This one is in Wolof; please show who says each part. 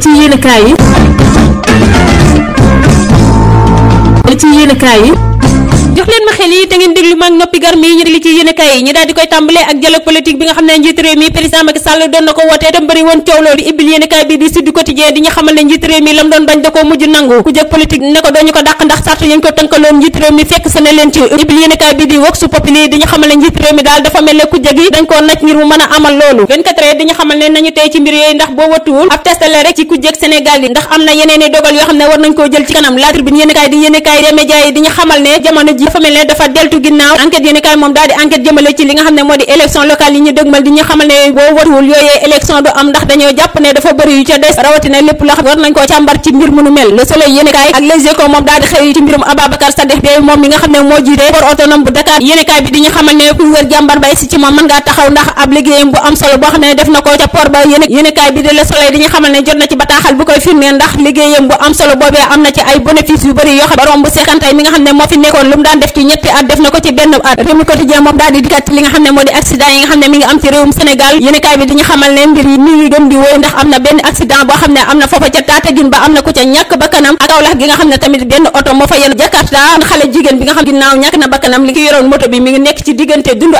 Speaker 1: ci yéenekaay yi ci yéenekaay yi jox leen ma xel yi te ngeen déglu maag noppi gar mi ñu li ci yéenekaay yi ñu daal koy tàmbalee ak dialogue politique bi nga xamal ne njiit réew mi daal dafa mel ne ku jëgi dañ koo naj ngir mu mën a amal loolu 24 heures di xamal ne nañu tey ci mbir yooyu ndax boo wattuwul ab testale rek ci ku jëkk Sénégal yi ndax am na yeneen dogal yoo xam ne war nañ koo jël ci kanam la tribune yéenekaay di yéenekaay remédia yi di xamal ne jamono ji dafa mel ne dafa deltu ginnaaw enquête yéen kaay moom daal di enquête jëmale ci li nga xam ne moo di élection locale yi ñu dëgmal di ñu xamal ne boo watuwul yooyee élection du am ndax dañoo jàpp ne dafa bëri yu ca des rawatina lépp la xam war nañ koo càmbar ci mbir mu nu mel le soleil yéen kaay ak les échos moom daal di xëy ci mbirum Ababacar Sadikh Bèye moom mi nga xam ne moo jiite port autonome bu Dakar yéen kaay bi di ñu xamal ne ku wër jàmbar bay si ci moom mën ngaa taxaw ndax ab liggéeyam bu am solo boo xam ne def na ko ca port ba yéen kaay bi di le soleil di ñu xamal ne jot na ci bataaxal bu koy firndee ndax liggéeyam bu am solo boobee am na ci ay bénéfice yu bëri yoo xam borom bu seexantay mi nga xam ne moo fi nekkoon lu daan def ci ñetti at def na ko ci benn at réew mi quotidien moom daal di dikkat li nga xam ne moo di accident yi nga xam ne mi ngi am ci réewum Sénégal yéenekaay bi diñu xamal ne mbir yi mi ngi gën di wóoy ndax am na benn accident boo xam ne am na foofa ca Tataguine ba am na ku ca ñàkk bakkanam ak gi nga xam ne tamit benn oto moo fa yenn Jakarta xale jigéen bi nga xam ginnaaw ñàkk na bakkanam li ki yoroon moto bi mi ngi nekk ci diggante dund